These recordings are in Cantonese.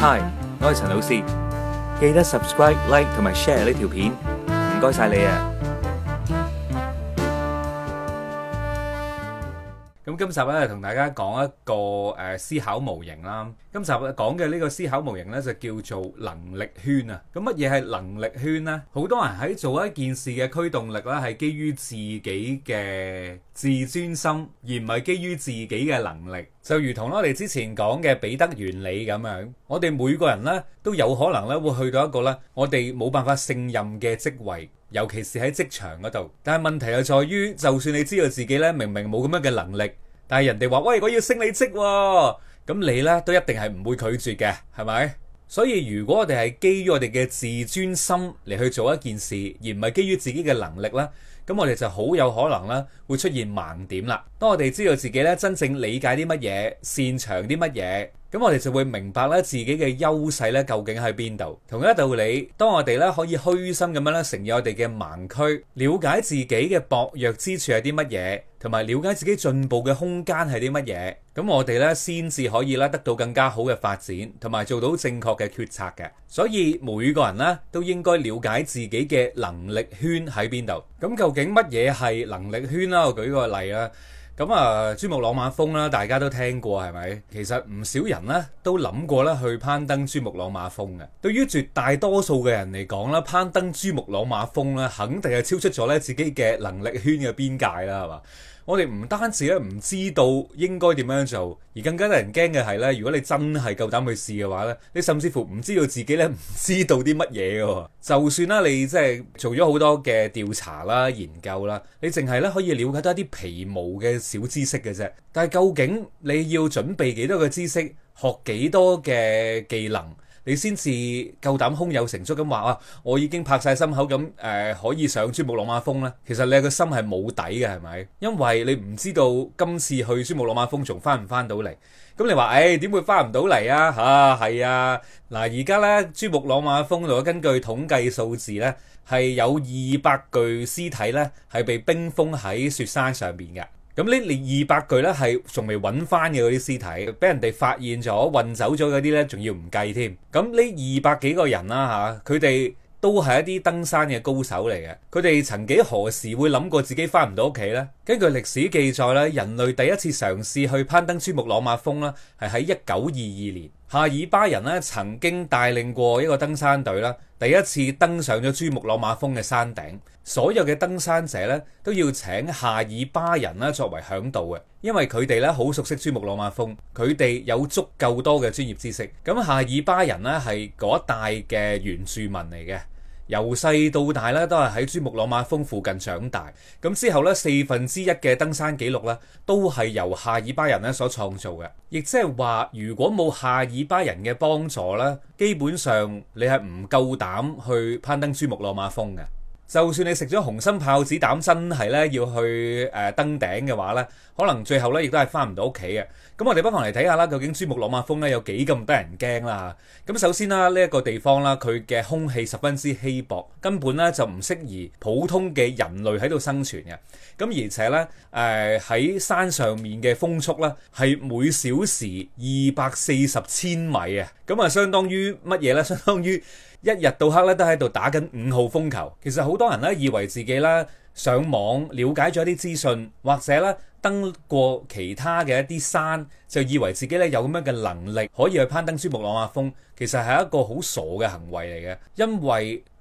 Hi，我係陳老 C，記得 subscribe、like 同埋 share 呢條片，唔該晒你啊！咁今集咧同大家講一個誒思考模型啦。今集講嘅呢個思考模型咧就叫做能力圈啊。咁乜嘢係能力圈呢？好多人喺做一件事嘅驅動力咧係基於自己嘅自尊心，而唔係基於自己嘅能力。就如同我哋之前講嘅彼得原理咁樣，我哋每個人咧都有可能咧會去到一個咧我哋冇辦法勝任嘅職位，尤其是喺職場嗰度。但係問題係在於，就算你知道自己咧明明冇咁樣嘅能力，但係人哋話：喂，我要升你職，咁你咧都一定係唔會拒絕嘅，係咪？所以如果我哋係基於我哋嘅自尊心嚟去做一件事，而唔係基於自己嘅能力咧。咁我哋就好有可能咧，會出現盲點啦。當我哋知道自己咧真正理解啲乜嘢，擅長啲乜嘢，咁我哋就會明白咧自己嘅優勢咧究竟喺邊度。同一道理，當我哋咧可以虛心咁樣咧承認我哋嘅盲區，了解自己嘅薄弱之處係啲乜嘢，同埋了解自己進步嘅空間係啲乜嘢，咁我哋咧先至可以咧得到更加好嘅發展，同埋做到正確嘅決策嘅。所以每個人咧都應該了解自己嘅能力圈喺邊度。咁究竟乜嘢係能力圈啦？我舉個例啦。咁啊，珠穆朗瑪峰啦，大家都聽過係咪？其實唔少人呢都諗過咧去攀登珠穆朗瑪峰嘅。對於絕大多數嘅人嚟講咧，攀登珠穆朗瑪峰咧，肯定係超出咗咧自己嘅能力圈嘅邊界啦，係嘛？我哋唔單止咧唔知道應該點樣做，而更加得人驚嘅係咧，如果你真係夠膽去試嘅話咧，你甚至乎唔知道自己咧唔知道啲乜嘢嘅。 就算咧你即係做咗好多嘅調查啦、研究啦，你淨係咧可以了解到一啲皮毛嘅小知識嘅啫。但係究竟你要準備幾多個知識，學幾多嘅技能？你先至夠膽，胸有成竹咁話啊！我已經拍晒心口咁誒、呃，可以上珠穆朗瑪峰咧。其實你個心係冇底嘅，係咪？因為你唔知道今次去珠穆朗瑪峰仲翻唔翻到嚟。咁你話誒點會翻唔到嚟啊？吓，係啊！嗱而家咧，珠穆朗瑪峰如果根據統計數字咧，係有二百具屍體咧係被冰封喺雪山上邊嘅。咁呢，二百具呢，係仲未揾翻嘅嗰啲屍體，俾人哋發現咗、運走咗嗰啲呢，仲要唔計添。咁呢二百幾個人啦，嚇，佢哋都係一啲登山嘅高手嚟嘅。佢哋曾幾何時會諗過自己翻唔到屋企呢？根據歷史記載咧，人類第一次嘗試去攀登珠穆朗瑪峰啦，係喺一九二二年。夏爾巴人咧曾經帶領過一個登山隊啦，第一次登上咗珠穆朗瑪峰嘅山頂。所有嘅登山者咧都要請夏爾巴人咧作為嚮導嘅，因為佢哋咧好熟悉珠穆朗瑪峰，佢哋有足夠多嘅專業知識。咁夏爾巴人咧係嗰一帶嘅原住民嚟嘅。由細到大咧都係喺珠穆朗瑪峰附近長大，咁之後咧四分之一嘅登山記錄咧都係由夏爾巴人咧所創造嘅，亦即係話如果冇夏爾巴人嘅幫助咧，基本上你係唔夠膽去攀登珠穆朗瑪峰嘅。就算你食咗紅心豹子膽，真係咧要去誒登頂嘅話呢，可能最後呢亦都係返唔到屋企嘅。咁我哋不妨嚟睇下啦，究竟珠穆朗瑪峰呢有幾咁得人驚啦？咁首先啦，呢、這、一個地方啦，佢嘅空氣十分之稀薄，根本呢就唔適宜普通嘅人類喺度生存嘅。咁而且呢，誒、呃、喺山上面嘅風速呢，係每小時二百四十千米啊！咁啊，相當於乜嘢呢？相當於。一日到黑咧都喺度打緊五號風球。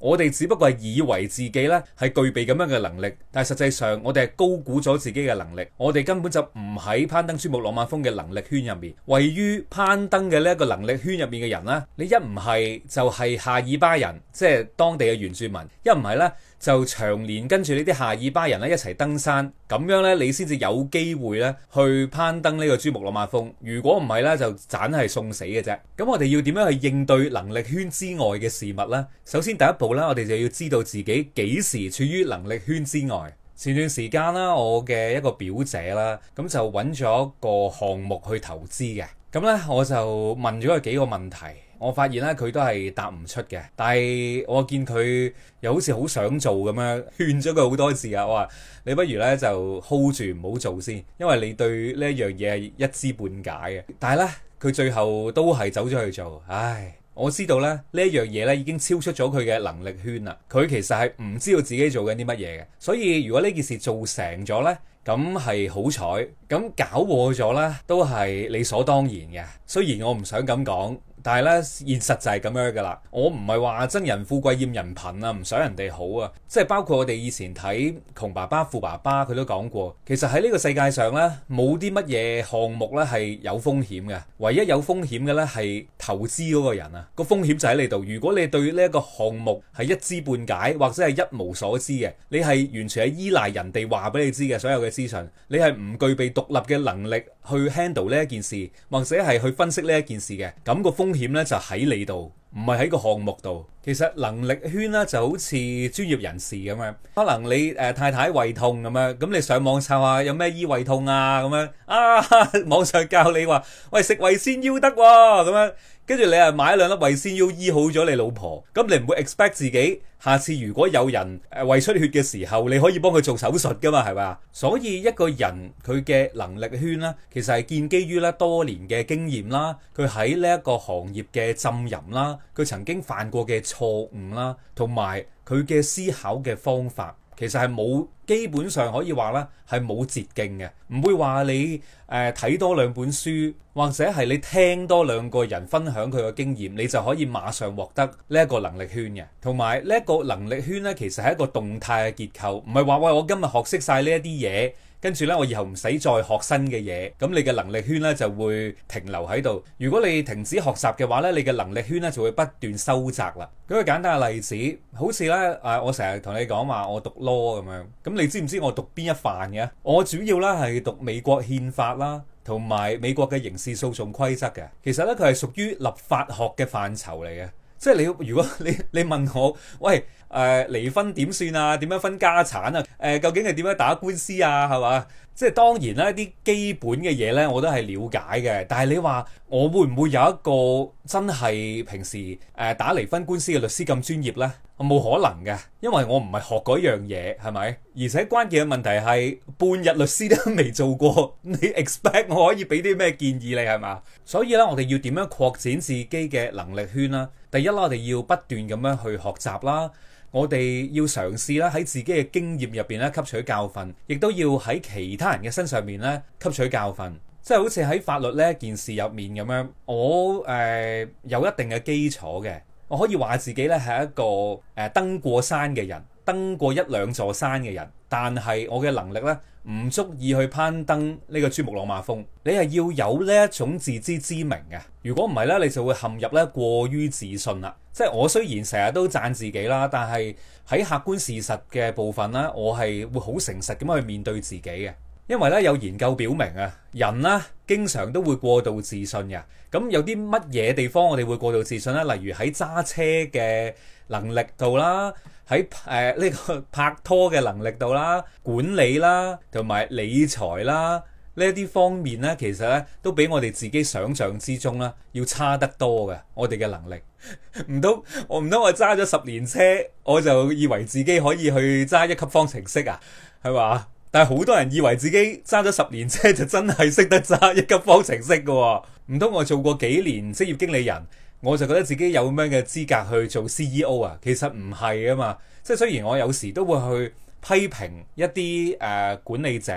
我哋只不過係以為自己咧係具備咁樣嘅能力，但係實際上我哋係高估咗自己嘅能力。我哋根本就唔喺攀登珠穆朗瑪峰嘅能力圈入面。位於攀登嘅呢一個能力圈入面嘅人呢，你一唔係就係夏爾巴人，即係當地嘅原住民；一唔係呢，就長年跟住呢啲夏爾巴人咧一齊登山，咁樣呢，你先至有機會呢去攀登呢個珠穆朗瑪峰。如果唔係呢，就盞係送死嘅啫。咁我哋要點樣去應對能力圈之外嘅事物呢？首先第一步呢，我哋就要知道自己幾時處於能力圈之外。前段時間啦，我嘅一個表姐啦，咁就揾咗個項目去投資嘅。咁呢，我就問咗佢幾個問題。我發現咧，佢都係答唔出嘅。但係我見佢又好似好想做咁樣，勸咗佢好多次啊。我話你不如咧就 hold 住唔好做先，因為你對呢一樣嘢係一知半解嘅。但係咧，佢最後都係走咗去做。唉，我知道咧呢一樣嘢咧已經超出咗佢嘅能力圈啦。佢其實係唔知道自己做緊啲乜嘢嘅。所以如果呢件事做成咗呢，咁係好彩；咁搞禍咗呢，都係理所當然嘅。雖然我唔想咁講。但係咧，現實就係咁樣噶啦。我唔係話憎人富貴厭人貧啊，唔想人哋好啊。即係包括我哋以前睇《窮爸爸富爸爸》，佢都講過，其實喺呢個世界上呢，冇啲乜嘢項目呢係有風險嘅。唯一有風險嘅呢係投資嗰個人啊，個風險就喺你度。如果你對呢一個項目係一知半解，或者係一無所知嘅，你係完全係依賴人哋話俾你知嘅所有嘅資訊，你係唔具備獨立嘅能力去 handle 呢一件事，或者係去分析呢一件事嘅，咁個風險。危險咧就喺你度，唔係喺個項目度。其實能力圈咧就好似專業人士咁樣，可能你誒、呃、太太胃痛咁樣，咁你上網查下有咩醫胃痛啊咁樣，啊 網上教你話，喂，食胃仙要得喎咁樣。跟住你啊，買兩粒胃先要醫好咗你老婆，咁你唔會 expect 自己下次如果有人誒胃出血嘅時候，你可以幫佢做手術㗎嘛，係咪啊？所以一個人佢嘅能力圈咧，其實係建基於咧多年嘅經驗啦，佢喺呢一個行業嘅浸淫啦，佢曾經犯過嘅錯誤啦，同埋佢嘅思考嘅方法。其實係冇，基本上可以話咧係冇捷徑嘅，唔會話你誒、呃、睇多兩本書，或者係你聽多兩個人分享佢嘅經驗，你就可以馬上獲得呢一個能力圈嘅。同埋呢一個能力圈呢，其實係一個動態嘅結構，唔係話喂我今日學識晒呢一啲嘢。跟住呢，我以後唔使再學新嘅嘢，咁你嘅能力圈呢就會停留喺度。如果你停止學習嘅話呢，你嘅能力圈呢就會不斷收窄啦。舉個簡單嘅例子，好似呢，誒，我成日同你講話，我讀 law 咁樣，咁你知唔知我讀邊一範嘅？我主要呢係讀美國憲法啦，同埋美國嘅刑事訴訟規則嘅。其實呢，佢係屬於立法學嘅範疇嚟嘅。即係你如果你你問我，喂誒、呃、離婚點算啊？點樣分家產啊？誒、呃、究竟係點樣打官司啊？係嘛？即係當然啦，啲基本嘅嘢咧，我都係了解嘅。但係你話我會唔會有一個真係平時誒打離婚官司嘅律師咁專業呢？冇可能嘅，因為我唔係學嗰樣嘢，係咪？而且關鍵嘅問題係半日律師都未做過，你 expect 我可以俾啲咩建議你，係嘛？所以咧，我哋要點樣擴展自己嘅能力圈啦？第一啦，我哋要不斷咁樣去學習啦，我哋要嘗試啦，喺自己嘅經驗入邊咧，吸取教訓，亦都要喺其他人嘅身上面咧，吸取教訓。即係好似喺法律呢件事入面咁樣，我誒、呃、有一定嘅基礎嘅，我可以話自己呢係一個誒、呃、登過山嘅人，登過一兩座山嘅人，但係我嘅能力呢，唔足以去攀登呢個珠穆朗瑪峰。你係要有呢一種自知之明嘅，如果唔係呢，你就會陷入呢過於自信啦。即係我雖然成日都讚自己啦，但係喺客觀事實嘅部分呢，我係會好誠實咁去面對自己嘅。因為咧有研究表明啊，人咧經常都會過度自信嘅。咁有啲乜嘢地方我哋會過度自信咧？例如喺揸車嘅能力度啦，喺誒呢個拍拖嘅能力度啦，管理啦，同埋理財啦呢一啲方面呢，其實咧都比我哋自己想象之中咧要差得多嘅。我哋嘅能力唔通 我唔通我揸咗十年車，我就以為自己可以去揸一級方程式啊？係話？但係好多人以為自己揸咗十年車就真係識得揸一級方程式嘅。啊，唔通我做過幾年職業經理人，我就覺得自己有咁樣嘅資格去做 CEO 啊？其實唔係啊嘛，即係雖然我有時都會去批評一啲誒、呃、管理者，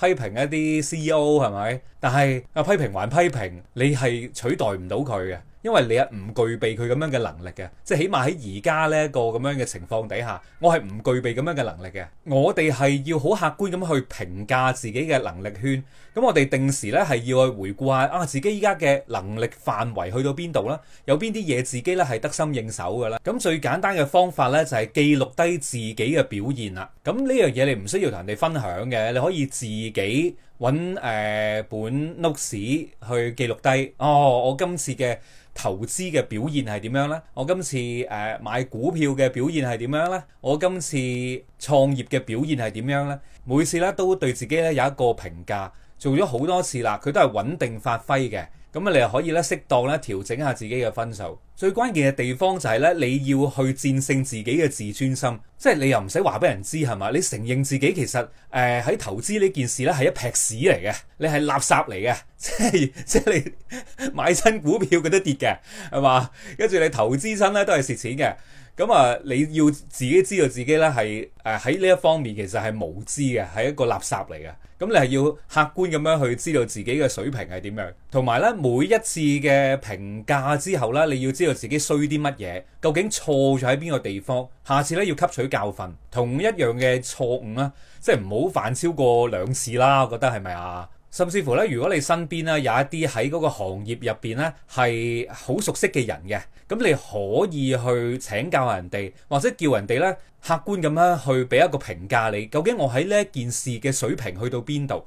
批評一啲 CEO 係咪？但係啊，批評還批評，你係取代唔到佢嘅。因為你啊唔具備佢咁樣嘅能力嘅，即係起碼喺而家呢一個咁樣嘅情況底下，我係唔具備咁樣嘅能力嘅。我哋係要好客觀咁去評價自己嘅能力圈。咁我哋定時呢係要去回顧下啊，自己依家嘅能力範圍去到邊度啦？有邊啲嘢自己呢係得心應手㗎啦？咁最簡單嘅方法呢，就係記錄低自己嘅表現啦。咁呢樣嘢你唔需要同人哋分享嘅，你可以自己揾誒、呃、本 note 史去記錄低。哦，我今次嘅投資嘅表現係點樣呢？我今次誒、呃、買股票嘅表現係點樣呢？我今次創業嘅表現係點樣呢？每次咧都對自己呢有一個評價，做咗好多次啦，佢都係穩定發揮嘅。咁啊，你又可以呢適當呢調整下自己嘅分數。最關鍵嘅地方就係、係、呢，你要去戰勝自己嘅自尊心，即係你又唔使話俾人知係嘛？你承認自己其實誒喺、呃、投資呢件事呢係一劈屎嚟嘅，你係垃圾嚟嘅，即係即係你。 買新股票佢都跌嘅，係嘛？跟住你投資新咧都係蝕錢嘅。咁啊，你要自己知道自己咧係誒喺呢一方面其實係無知嘅，係一個垃圾嚟嘅。咁你係要客觀咁樣去知道自己嘅水平係點樣，同埋咧每一次嘅評價之後咧，你要知道自己衰啲乜嘢，究竟錯咗喺邊個地方，下次咧要吸取教訓。同一樣嘅錯誤啊，即係唔好犯超過兩次啦。我覺得係咪啊？甚至乎咧，如果你身邊咧有一啲喺嗰個行業入邊咧係好熟悉嘅人嘅，咁你可以去請教人哋，或者叫人哋咧客觀咁樣去俾一個評價你，究竟我喺呢件事嘅水平去到邊度？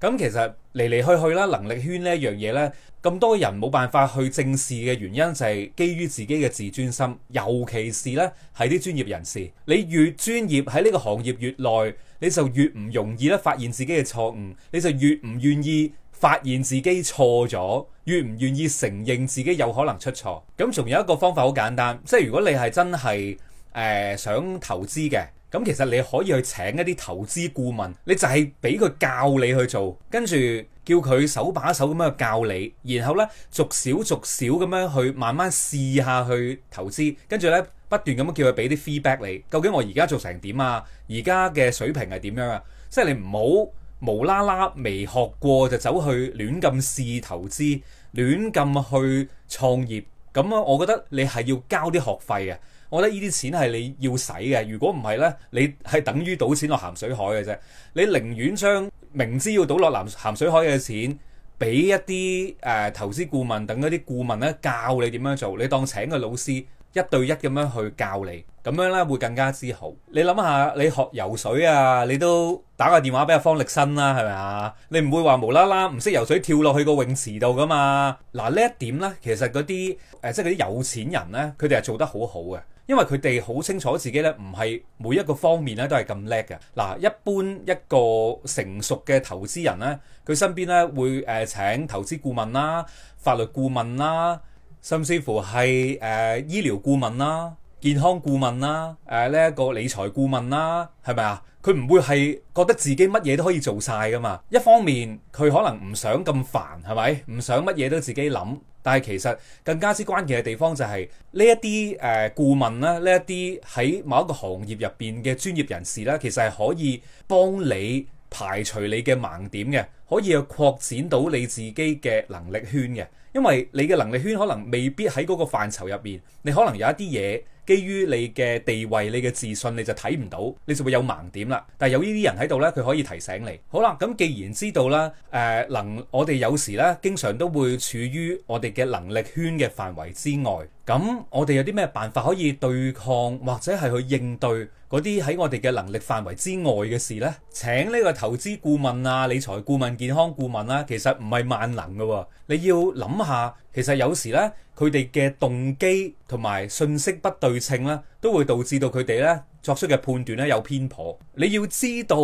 咁其實嚟嚟去去啦，能力圈呢一樣嘢呢，咁多人冇辦法去正視嘅原因就係基於自己嘅自尊心，尤其是呢係啲專業人士，你越專業喺呢個行業越耐。你就越唔容易咧發現自己嘅錯誤，你就越唔願意發現自己錯咗，越唔願意承認自己有可能出錯。咁仲有一個方法好簡單，即係如果你係真係誒、呃、想投資嘅，咁其實你可以去請一啲投資顧問，你就係俾佢教你去做，跟住叫佢手把手咁樣教你，然後呢，逐少逐少咁樣去慢慢試下去投資，跟住呢。不斷咁樣叫佢俾啲 feedback 你，究竟我而家做成點啊？而家嘅水平係點樣啊？即係你唔好無啦啦未學過就走去亂咁試投資，亂咁去創業。咁啊，我覺得你係要交啲學費嘅。我覺得呢啲錢係你要使嘅。如果唔係呢，你係等於賭錢落鹹水海嘅啫。你寧願將明知要賭落鹹鹹水海嘅錢，俾一啲誒、呃、投資顧問等一啲顧問咧教你點樣做，你當請個老師。一對一咁樣去教你，咁樣呢會更加之好。你諗下，你學游水啊，你都打個電話俾阿方力申啦，係咪啊？你唔會話無啦啦唔識游水跳落去個泳池度噶嘛？嗱，呢一點呢，其實嗰啲誒即係嗰啲有錢人呢，佢哋係做得好好嘅，因為佢哋好清楚自己呢唔係每一個方面呢都係咁叻嘅。嗱，一般一個成熟嘅投資人呢，佢身邊呢會誒、呃、請投資顧問啦、法律顧問啦。甚至乎係誒、呃、醫療顧問啦、健康顧問啦、誒呢一個理財顧問啦，係咪啊？佢唔會係覺得自己乜嘢都可以做晒㗎嘛。一方面佢可能唔想咁煩，係咪？唔想乜嘢都自己諗，但係其實更加之關鍵嘅地方就係呢一啲誒顧問啦，呢一啲喺某一個行業入邊嘅專業人士啦，其實係可以幫你。排除你嘅盲點嘅，可以去擴展到你自己嘅能力圈嘅，因為你嘅能力圈可能未必喺嗰個範疇入面。你可能有一啲嘢基於你嘅地位、你嘅自信，你就睇唔到，你就會有盲點啦。但係有呢啲人喺度呢，佢可以提醒你。好啦，咁既然知道啦，誒、呃、能我哋有時呢，經常都會處於我哋嘅能力圈嘅範圍之外。咁我哋有啲咩辦法可以對抗或者係去應對嗰啲喺我哋嘅能力範圍之外嘅事呢？請呢個投資顧問啊、理財顧問、健康顧問啊，其實唔係萬能嘅喎、啊。你要諗下，其實有時呢，佢哋嘅動機同埋信息不對稱咧，都會導致到佢哋呢作出嘅判斷呢有偏頗。你要知道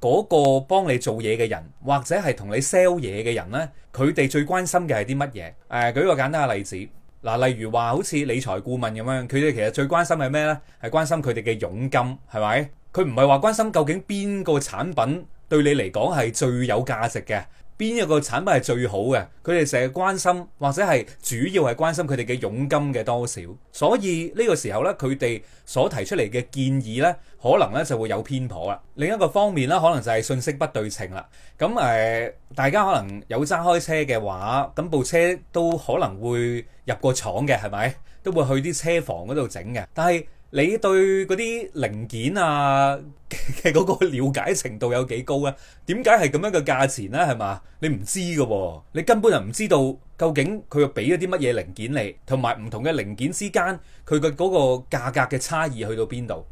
嗰個幫你做嘢嘅人，或者係同你 sell 嘢嘅人呢，佢哋最關心嘅係啲乜嘢？誒、呃，舉個簡單嘅例子。嗱，例如話好似理財顧問咁樣，佢哋其實最關心係咩呢？係關心佢哋嘅佣金，係咪？佢唔係話關心究竟邊個產品對你嚟講係最有價值嘅。邊一個產品係最好嘅？佢哋成日關心，或者係主要係關心佢哋嘅佣金嘅多少。所以呢個時候呢，佢哋所提出嚟嘅建議呢，可能呢就會有偏頗啦。另一個方面呢，可能就係信息不對稱啦。咁誒、呃，大家可能有揸開車嘅話，咁部車都可能會入過廠嘅，係咪？都會去啲車房嗰度整嘅，但係，你對嗰啲零件啊嘅嗰個了解程度有幾高啊？點解係咁樣嘅價錢呢？係嘛？你唔知㗎喎、哦，你根本就唔知道究竟佢又俾咗啲乜嘢零件你，同埋唔同嘅零件之間佢嘅嗰個價格嘅差異去到邊度？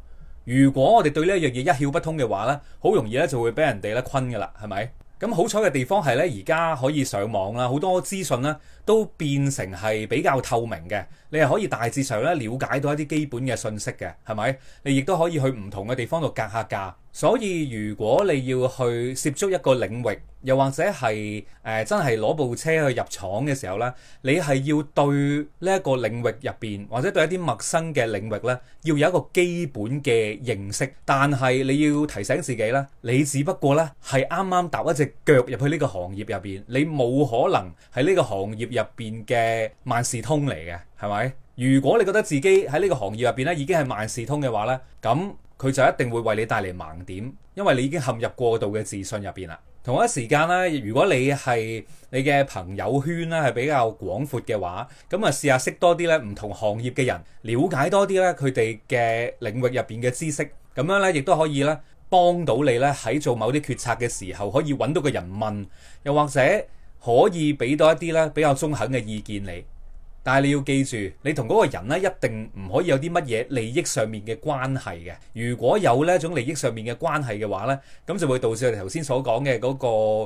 如果我哋對呢一樣嘢一竅不通嘅話呢，好容易咧就會俾人哋咧坤㗎啦，係咪？咁好彩嘅地方係呢，而家可以上網啊，好多資訊咧都變成係比較透明嘅。你係可以大致上咧瞭解到一啲基本嘅信息嘅，係咪？你亦都可以去唔同嘅地方度格下價。所以如果你要去涉足一個領域，又或者係誒、呃、真係攞部車去入廠嘅時候咧，你係要對呢一個領域入邊或者對一啲陌生嘅領域咧，要有一個基本嘅認識。但係你要提醒自己咧，你只不過咧係啱啱踏一隻腳入去呢個行業入邊，你冇可能係呢個行業入邊嘅萬事通嚟嘅。係咪？如果你覺得自己喺呢個行業入邊咧，已經係萬事通嘅話呢，咁佢就一定會為你帶嚟盲點，因為你已經陷入過度嘅自信入邊啦。同一時間呢，如果你係你嘅朋友圈呢係比較廣闊嘅話，咁啊試下識多啲呢唔同行業嘅人，了解多啲呢佢哋嘅領域入邊嘅知識，咁樣呢亦都可以呢幫到你呢喺做某啲決策嘅時候，可以揾到個人問，又或者可以俾到一啲呢比較中肯嘅意見你。但係你要記住，你同嗰個人咧一定唔可以有啲乜嘢利益上面嘅關係嘅。如果有呢一種利益上面嘅關係嘅話呢，咁就會導致我頭先所講嘅嗰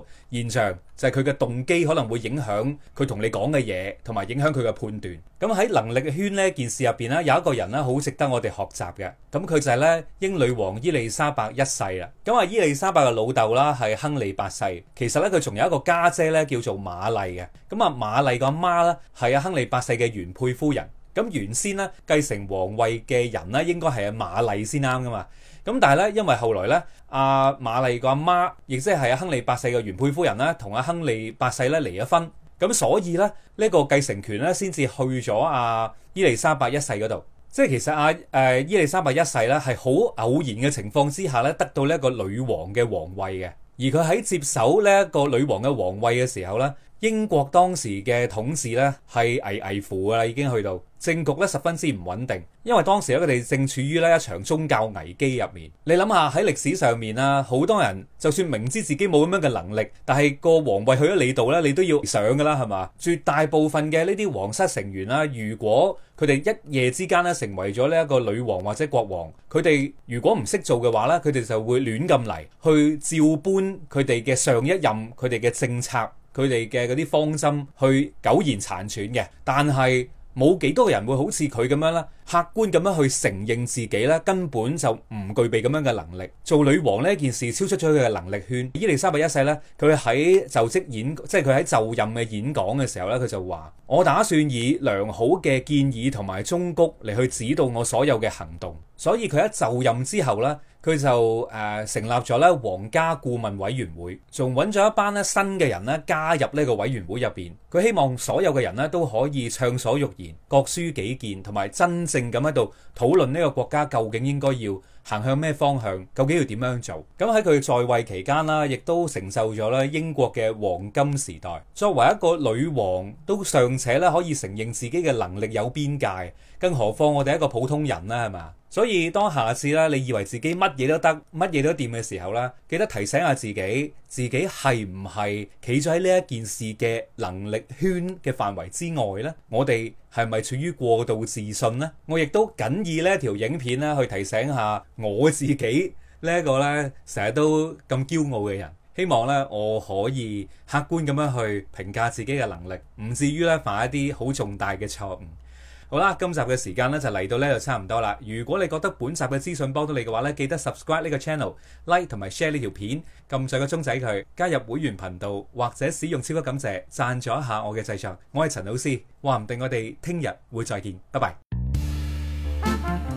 個現象，就係佢嘅動機可能會影響佢同你講嘅嘢，同埋影響佢嘅判斷。咁喺能力圈呢件事入邊呢，有一個人呢，好值得我哋學習嘅。咁佢就係咧，英女王伊麗莎白一世啦。咁啊，伊麗莎白嘅老豆啦，係亨利八世。其實咧佢仲有一個家姐咧，叫做瑪麗嘅。咁啊，瑪麗個阿媽咧，係阿亨利八世嘅原配夫人。咁原先咧繼承皇位嘅人咧應該係阿瑪麗先啱，噶嘛。咁但係咧，因為後來咧阿瑪麗個阿媽亦即係阿亨利八世嘅原配夫人啦同阿亨利八世咧離咗婚。咁所以咧呢個繼承權咧先至去咗阿伊麗莎白一世嗰度。即係其實阿、啊、誒、呃、伊利沙伯一世咧係好偶然嘅情況之下咧得到呢一個女王嘅皇位嘅，而佢喺接手呢一個女王嘅皇位嘅時候咧，英國當時嘅統治咧係危危乎啦，已經去到。政局咧十分之唔穩定，因為當時咧佢哋正處於呢一場宗教危機入面。你諗下喺歷史上面啦，好多人就算明知自己冇咁樣嘅能力，但係個王位去咗你度咧，你都要上噶啦，係嘛？絕大部分嘅呢啲皇室成員啦，如果佢哋一夜之間咧成為咗呢一個女王或者國王，佢哋如果唔識做嘅話咧，佢哋就會亂咁嚟去照搬佢哋嘅上一任佢哋嘅政策，佢哋嘅嗰啲方針去苟延殘喘嘅，但係。冇幾多人會好似佢咁樣啦，客觀咁樣去承認自己咧，根本就唔具備咁樣嘅能力。做女王呢件事超出咗佢嘅能力圈。伊麗莎白一世咧，佢喺就職演，即係佢喺就任嘅演講嘅時候咧，佢就話：我打算以良好嘅建議同埋忠告嚟，去指導我所有嘅行動。所以佢喺就任之後咧，佢就誒、呃、成立咗咧皇家顧問委員會，仲揾咗一班咧新嘅人咧加入呢個委員會入邊。佢希望所有嘅人咧都可以暢所欲言、各抒己見同埋真正定咁喺度討論呢個國家，究竟應該要行向咩方向，究竟要點樣做？咁喺佢在位期間啦，亦都承受咗咧英國嘅黃金時代。作為一個女王，都尚且咧可以承認自己嘅能力有邊界，更何況我哋一個普通人啦係嘛？所以當下次啦，你以為自己乜嘢都得，乜嘢都掂嘅時候啦，記得提醒下自己，自己係唔係企咗喺呢一件事嘅能力圈嘅範圍之外呢？我哋。係咪處於過度自信呢？我亦都謹以呢條影片咧去提醒下我自己呢一個呢，成日都咁驕傲嘅人，希望呢，我可以客觀咁樣去評價自己嘅能力，唔至於呢，犯一啲好重大嘅錯誤。好啦，今集嘅時間呢就嚟到呢就差唔多啦。如果你覺得本集嘅資訊幫到你嘅話呢，記得 subscribe 呢個 channel，like 同埋 share 呢條片，撳上個鐘仔佢，加入會員頻道或者使用超級感謝贊助一下我嘅製作。我係陳老 C，話唔定我哋聽日會再見，拜拜。